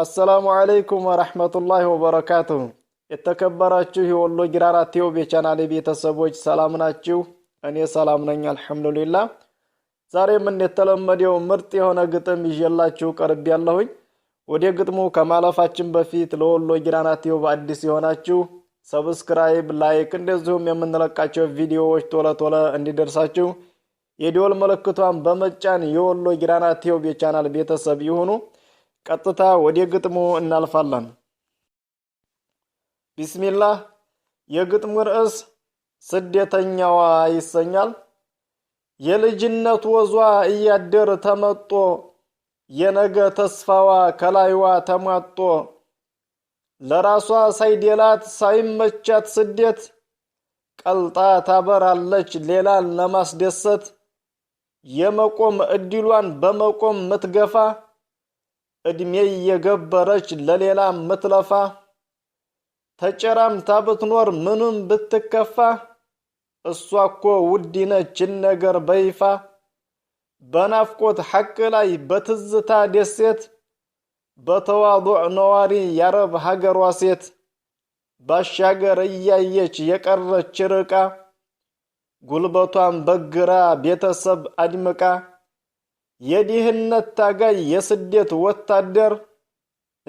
አሰላሙ አለይኩም ወረህመቱላህ ወበረካቱ የተከበራችሁ የወሎ ጊራራ ቲዩብ የቻናሌ ቤተሰቦች ሰላም ናችሁ? እኔ ሰላም ነኝ አልሐምዱሊላ። ዛሬም እንደተለመደው ምርጥ የሆነ ግጥም ይዤላችሁ ቀርብ ያለሁኝ። ወደ ግጥሙ ከማለፋችን በፊት ለወሎ ጊራራ ቲዩብ አዲስ የሆናችሁ ሰብስክራይብ፣ ላይክ እንደዚሁም የምንለቃቸው ቪዲዮዎች ቶለ ቶለ እንዲደርሳችሁ የዲወል ምልክቷን በመጫን የወሎ ጊራራ ቲዩብ የቻናል ቤተሰብ ይሁኑ። ቀጥታ ወደ ግጥሙ እናልፋለን። ቢስሚላህ የግጥሙ ርዕስ ስደተኛዋ ይሰኛል። የልጅነት ወዟ እያደር ተመጦ የነገ ተስፋዋ ከላይዋ ተሟጦ ለራሷ ሳይደላት ሳይመቻት ስደት ቀልጣ ታበራለች ሌላን ለማስደሰት የመቆም እድሏን በመቆም ምትገፋ እድሜ እየገበረች ለሌላ ምትለፋ ተጨራምታ ብትኖር ምኑም ብትከፋ እሷ እኮ ውዲነችን ነገር በይፋ በናፍቆት ሐቅ ላይ በትዝታ ደሴት በተዋዱዕ ነዋሪ ያረብ ሀገሯ ሴት ባሻገር እያየች የቀረች ርቃ ጉልበቷን በግራ ቤተሰብ አድምቃ የድህነት ታጋይ የስደት ወታደር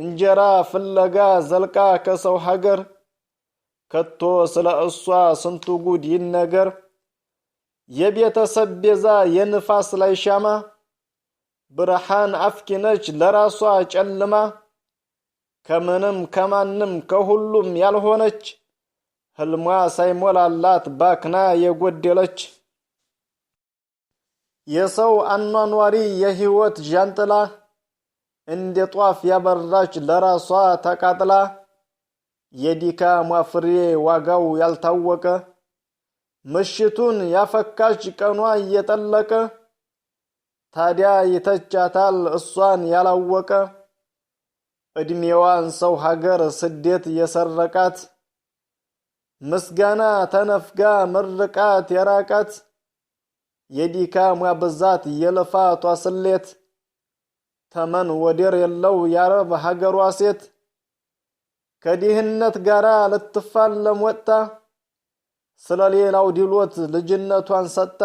እንጀራ ፍለጋ ዘልቃ ከሰው ሀገር ከቶ ስለ እሷ ስንቱ ጉድ ይነገር። የቤተሰብ ቤዛ የንፋስ ላይ ሻማ ብርሃን አፍኪነች ለራሷ ጨልማ ከምንም ከማንም ከሁሉም ያልሆነች ህልሟ ሳይሞላላት ባክና የጎደለች የሰው አኗኗሪ የህይወት ዣንጥላ እንደ ጧፍ ያበራች ለራሷ ተቃጥላ የድካሟ ፍሬ ዋጋው ያልታወቀ ምሽቱን ያፈካች ቀኗ እየጠለቀ ታዲያ ይተቻታል እሷን ያላወቀ ዕድሜዋን ሰው ሀገር ስደት የሰረቃት ምስጋና ተነፍጋ ምርቃት የራቃት የዲካሟ ብዛት የልፋቷ ስሌት ተመን ወደር የለው የአረብ ሀገሯ ሴት ከድህነት ጋር ልትፋለም ወጥታ ስለ ሌላው ድሎት ልጅነቷን ሰጥታ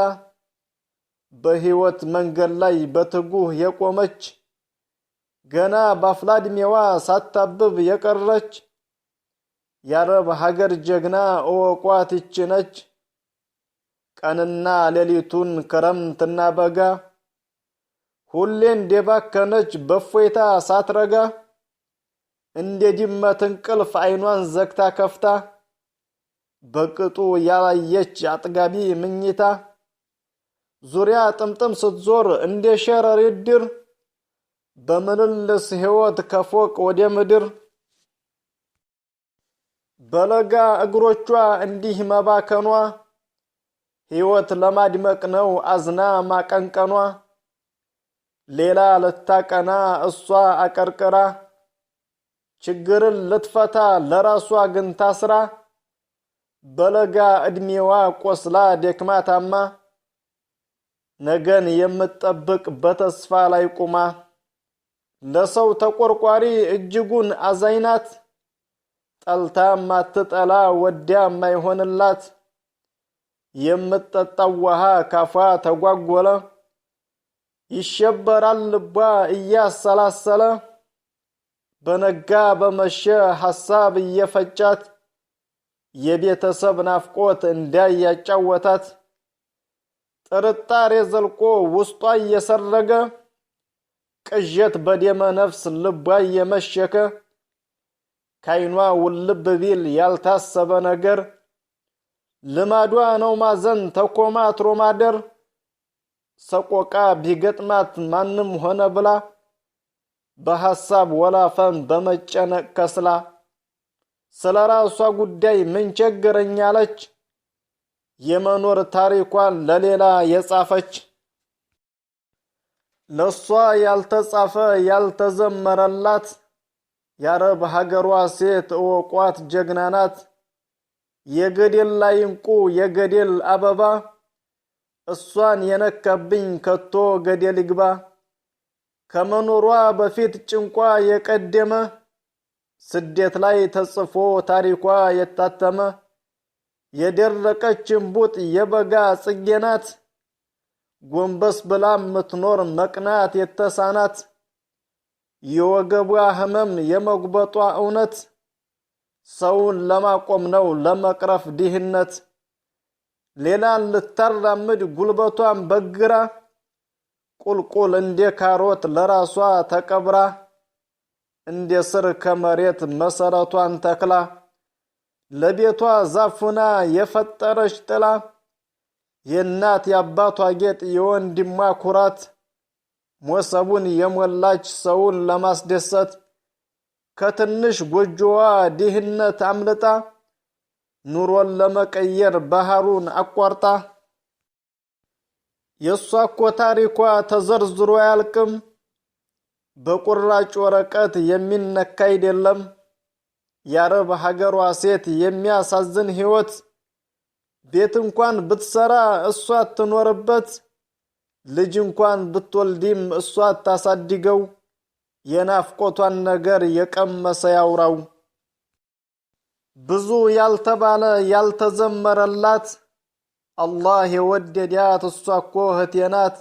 በሕይወት መንገድ ላይ በትጉህ የቆመች ገና በአፍላ ዕድሜዋ ሳታብብ የቀረች የአረብ ሀገር ጀግና እወቋት ይች ነች። ቀንና ሌሊቱን ክረምትና በጋ ሁሌ እንደባከነች በእፎይታ ሳትረጋ እንደ ድመት እንቅልፍ አይኗን ዘግታ ከፍታ በቅጡ ያላየች አጥጋቢ ምኝታ ዙሪያ ጥምጥም ስትዞር እንደ ሸረሪ ድር በምልልስ ሕይወት ከፎቅ ወደ ምድር በለጋ እግሮቿ እንዲህ መባከኗ ሕይወት ለማድመቅ ነው አዝና ማቀንቀኗ ሌላ ልታቀና እሷ አቀርቅራ ችግርን ልትፈታ ለራሷ ግን ታስራ በለጋ ዕድሜዋ ቆስላ ደክማታማ ነገን የምትጠብቅ በተስፋ ላይ ቁማ ለሰው ተቆርቋሪ እጅጉን አዛይናት ጠልታ ማትጠላ ወዲያ ማይሆንላት የምትጠጣው ውሃ ካፏ ተጓጎለ። ይሸበራል ልቧ እያሰላሰለ በነጋ በመሸ ሐሳብ እየፈጫት የቤተሰብ ናፍቆት እንዳያጫወታት ጥርጣሬ ዘልቆ ውስጧ እየሰረገ ቅዠት በደመ ነፍስ ልቧ እየመሸከ ካይኗ ውልብ ቢል ያልታሰበ ነገር ልማዷ ነው ማዘን ተኮማትሮ ማደር ሰቆቃ ቢገጥማት ማንም ሆነ ብላ በሐሳብ ወላፈን በመጨነቅ ከስላ ስለ ራሷ ጉዳይ ምን ቸገረኛለች የመኖር ታሪኳን ለሌላ የጻፈች ለሷ ያልተጻፈ ያልተዘመረላት የአረብ ሀገሯ ሴት እወቋት ጀግና ናት። የገደል ላይ እንቁ የገደል አበባ እሷን የነካብኝ ከቶ ገደል ይግባ። ከመኖሯ በፊት ጭንቋ የቀደመ ስደት ላይ ተጽፎ ታሪኳ የታተመ የደረቀች እምቡጥ የበጋ ጽጌናት ጎንበስ ብላ ምትኖር መቅናት የተሳናት የወገቧ ህመም የመጉበጧ እውነት ሰውን ለማቆም ነው፣ ለመቅረፍ ድህነት። ሌላን ልታራምድ ጉልበቷን በግራ ቁልቁል እንደ ካሮት ለራሷ ተቀብራ እንደ ስር ከመሬት መሰረቷን ተክላ ለቤቷ ዛፉና የፈጠረች ጥላ የእናት የአባቷ ጌጥ የወንድሟ ኩራት ሞሰቡን የሞላች ሰውን ለማስደሰት ከትንሽ ጎጆዋ ድህነት አምልጣ ኑሮን ለመቀየር ባህሩን አቋርጣ የእሷ እኮ ታሪኳ ተዘርዝሮ አያልቅም። በቁራጭ ወረቀት የሚነካ አይደለም። የአረብ ሀገሯ ሴት የሚያሳዝን ሕይወት ቤት እንኳን ብትሰራ እሷ ትኖርበት ልጅ እንኳን ብትወልዲም እሷ ታሳድገው! የናፍቆቷን ነገር የቀመሰ ያውራው ብዙ ያልተባለ ያልተዘመረላት አላህ የወደዳት እሷ እኮ እህቴ ናት።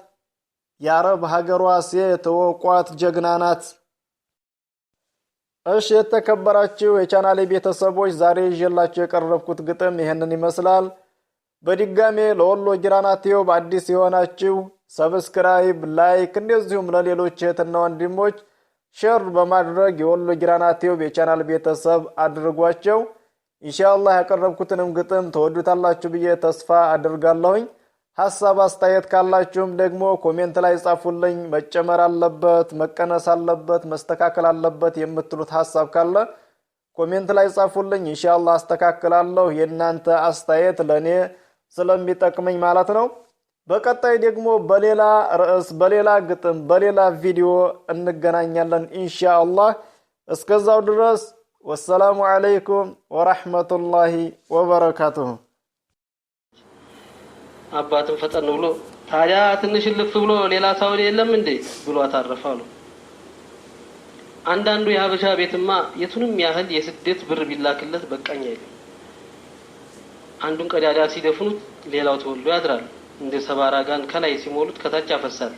የአረብ ሀገሯ ሴት ወቋት ጀግና ናት። እሺ የተከበራችሁ የቻናሌ ቤተሰቦች ዛሬ ይዤላችሁ የቀረብኩት ግጥም ይህንን ይመስላል። በድጋሜ ለወሎ ጊራና ቲዩብ አዲስ የሆናችሁ ሰብስክራይብ፣ ላይክ እንደዚሁም ለሌሎች እህትና ወንድሞች ሸር በማድረግ የወሎ ጊራና ቲዩብ የቻናል ቤተሰብ አድርጓቸው። ኢንሻአላህ ያቀረብኩትንም ግጥም ተወዱታላችሁ ብዬ ተስፋ አድርጋለሁኝ። ሀሳብ አስተያየት ካላችሁም ደግሞ ኮሜንት ላይ ጻፉልኝ። መጨመር አለበት፣ መቀነስ አለበት፣ መስተካከል አለበት የምትሉት ሀሳብ ካለ ኮሜንት ላይ ጻፉልኝ። ኢንሻአላህ አስተካክላለሁ። የእናንተ አስተያየት ለእኔ ስለሚጠቅመኝ ማለት ነው። በቀጣይ ደግሞ በሌላ ርዕስ፣ በሌላ ግጥም፣ በሌላ ቪዲዮ እንገናኛለን ኢንሻአላህ። እስከዛው ድረስ ወሰላሙ አለይኩም ወረሕመቱላሂ ወበረካቱሁ። አባትም ፈጠን ብሎ ታዲያ ትንሽ ልፍ ብሎ ሌላ ሰው የለም እንዴ ብሎ አታረፈ አንዳንዱ የሀበሻ ቤትማ የቱንም ያህል የስደት ብር ቢላክለት በቃኝ አይልም። አንዱን ቀዳዳ ሲደፍኑት ሌላው ተወልዶ ያድራል። እንደ ሰባራ ጋን ከላይ ሲሞሉት ከታች ያፈሳል።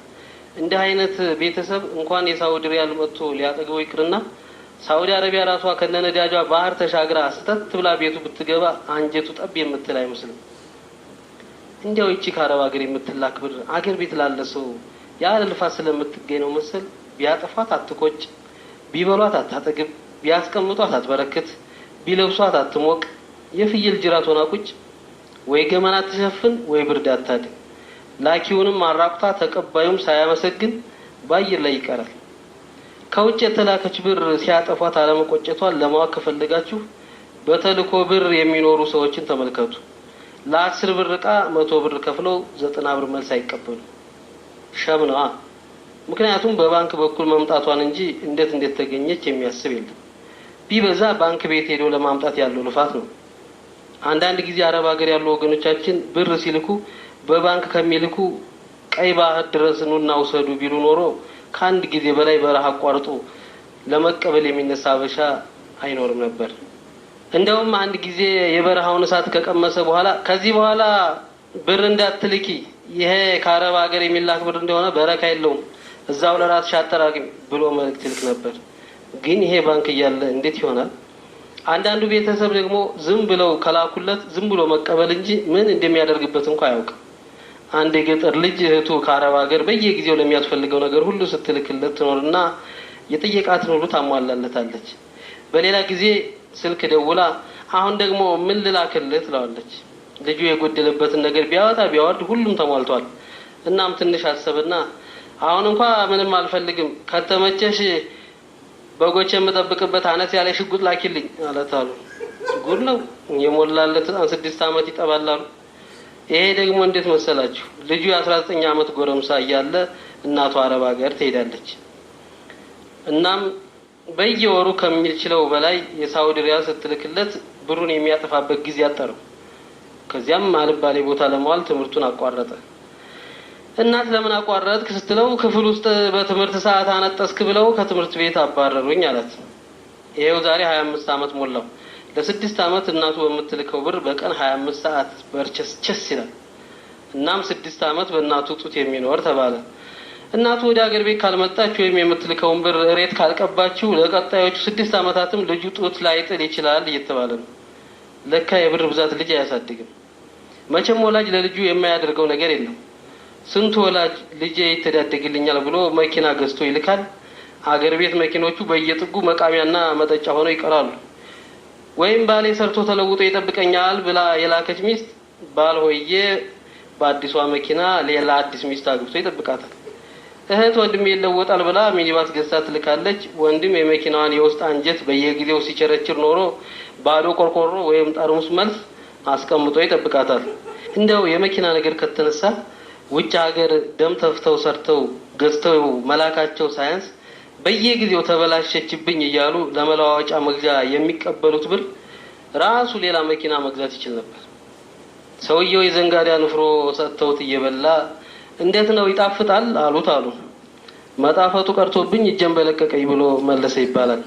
እንዲህ አይነት ቤተሰብ እንኳን የሳውዲ ሪያል መጥቶ ሊያጠግበው ይቅርና ሳውዲ አረቢያ ራሷ ከነነዳጇ ባህር ተሻግራ ስተት ብላ ቤቱ ብትገባ አንጀቱ ጠብ የምትል አይመስልም። እንዲያው ይቺ ከአረብ ሀገር የምትላክ ብር አገር ቤት ላለ ሰው ያለ ልፋት ስለምትገኝ ነው መሰል ቢያጠፋት አትቆጭ፣ ቢበሏት አታጠግብ፣ ቢያስቀምጧት አትበረክት፣ ቢለብሷት አትሞቅ፣ የፍየል ጅራት ሆና ቁጭ ወይ ገመና አትሸፍን፣ ወይ ብርድ አታድ ላኪውንም አራቁታ ተቀባዩም ሳያመሰግን በአየር ላይ ይቀራል። ከውጭ የተላከች ብር ሲያጠፏት አለመቆጨቷን ለማወቅ ከፈለጋችሁ በተልኮ ብር የሚኖሩ ሰዎችን ተመልከቱ። ለአስር ብር እቃ መቶ ብር ከፍለው ዘጠና ብር መልስ አይቀበሉ። ሸም ነዋ። ምክንያቱም በባንክ በኩል መምጣቷን እንጂ እንዴት እንዴት ተገኘች የሚያስብ የለም። ቢበዛ ባንክ ቤት ሄዶ ለማምጣት ያለው ልፋት ነው። አንዳንድ ጊዜ አረብ ሀገር ያሉ ወገኖቻችን ብር ሲልኩ በባንክ ከሚልኩ ቀይ ባህር ድረስ ኑና እናውሰዱ ቢሉ ኖሮ ከአንድ ጊዜ በላይ በረሃ አቋርጦ ለመቀበል የሚነሳ አበሻ አይኖርም ነበር። እንደውም አንድ ጊዜ የበረሃውን እሳት ከቀመሰ በኋላ ከዚህ በኋላ ብር እንዳትልኪ፣ ይሄ ከአረብ ሀገር የሚላክ ብር እንደሆነ በረካ የለውም፣ እዛው ለራስሽ አጠራቅሚ ብሎ መልእክት ይልክ ነበር። ግን ይሄ ባንክ እያለ እንዴት ይሆናል? አንዳንዱ ቤተሰብ ደግሞ ዝም ብለው ከላኩለት ዝም ብሎ መቀበል እንጂ ምን እንደሚያደርግበት እንኳ አያውቅም። አንድ የገጠር ልጅ እህቱ ከአረብ ሀገር በየጊዜው ለሚያስፈልገው ነገር ሁሉ ስትልክለት ትኖርና የጠየቃትን ሁሉ ታሟላለታለች። በሌላ ጊዜ ስልክ ደውላ አሁን ደግሞ ምን ልላክልህ ትለዋለች። ልጁ የጎደለበትን ነገር ቢያወጣ ቢያወርድ ሁሉም ተሟልቷል። እናም ትንሽ አሰብና አሁን እንኳ ምንም አልፈልግም ከተመቸሽ በጎች የምጠብቅበት አነስ ያለ ሽጉጥ ላኪልኝ አለት አሉ። ጉድ ነው የሞላለት ስድስት ዓመት ይጠባላሉ። ይሄ ደግሞ እንዴት መሰላችሁ? ልጁ የአስራ ዘጠኝ ዓመት ጎረምሳ እያለ እናቱ አረብ ሀገር ትሄዳለች። እናም በየወሩ ከሚችለው በላይ የሳውዲ ሪያል ስትልክለት ብሩን የሚያጠፋበት ጊዜ አጠረው። ከዚያም አልባሌ ቦታ ለመዋል ትምህርቱን አቋረጠ። እናት ለምን አቋረጥክ ስትለው ክፍል ውስጥ በትምህርት ሰዓት አነጠስክ ብለው ከትምህርት ቤት አባረሩኝ አላት። ይሄው ዛሬ ሀያ አምስት ዓመት ሞላው። ለስድስት ዓመት እናቱ በምትልከው ብር በቀን ሀያ አምስት ሰዓት በርቸስቸስ ይላል። እናም ስድስት ዓመት በእናቱ ጡት የሚኖር ተባለ። እናቱ ወደ አገር ቤት ካልመጣች ወይም የምትልከውን ብር እሬት ካልቀባችው ለቀጣዮቹ ስድስት ዓመታትም ልጁ ጡት ላይጥል ይችላል እየተባለ ነው። ለካ የብር ብዛት ልጅ አያሳድግም። መቼም ወላጅ ለልጁ የማያደርገው ነገር የለም። ስንት ወላጅ ልጄ ይተዳደግልኛል ብሎ መኪና ገዝቶ ይልካል። አገር ቤት መኪኖቹ በየጥጉ መቃሚያና መጠጫ ሆነው ይቀራሉ። ወይም ባሌ ሰርቶ ተለውጦ ይጠብቀኛል ብላ የላከች ሚስት ባል ሆዬ በአዲሷ መኪና ሌላ አዲስ ሚስት አግብቶ ይጠብቃታል። እህት ወንድሜ ይለወጣል ብላ ሚኒባስ ገዝታ ትልካለች። ወንድም የመኪናዋን የውስጥ አንጀት በየጊዜው ሲቸረችር ኖሮ ባዶ ቆርቆሮ ወይም ጠርሙስ መልስ አስቀምጦ ይጠብቃታል። እንደው የመኪና ነገር ከተነሳ ውጭ ሀገር ደም ተፍተው ሰርተው ገዝተው መላካቸው ሳያንስ በየጊዜው ተበላሸችብኝ እያሉ ለመለዋወጫ መግዣ የሚቀበሉት ብር ራሱ ሌላ መኪና መግዛት ይችል ነበር። ሰውየው የዘንጋዳ ንፍሮ ሰጥተውት እየበላ እንዴት ነው ይጣፍጣል አሉት አሉ። መጣፈጡ ቀርቶብኝ እጀን በለቀቀኝ ብሎ መለሰ ይባላል።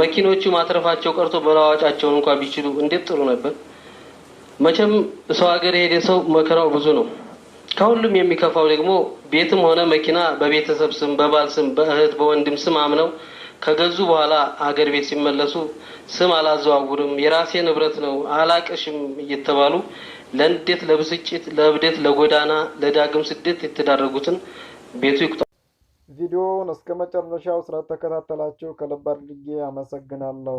መኪኖቹ ማትረፋቸው ቀርቶ መለዋወጫቸውን እንኳ ቢችሉ እንዴት ጥሩ ነበር። መቼም ሰው ሀገር የሄደ ሰው መከራው ብዙ ነው። ከሁሉም የሚከፋው ደግሞ ቤትም ሆነ መኪና በቤተሰብ ስም፣ በባል ስም፣ በእህት በወንድም ስም አምነው ከገዙ በኋላ አገር ቤት ሲመለሱ ስም አላዘዋውርም፣ የራሴ ንብረት ነው፣ አላቀሽም እየተባሉ ለንዴት፣ ለብስጭት፣ ለእብደት፣ ለጎዳና፣ ለዳግም ስደት የተዳረጉትን ቤቱ ይቁጠ። ቪዲዮውን እስከ መጨረሻው ስለተከታተላችሁ ከልብ አድርጌ አመሰግናለሁ።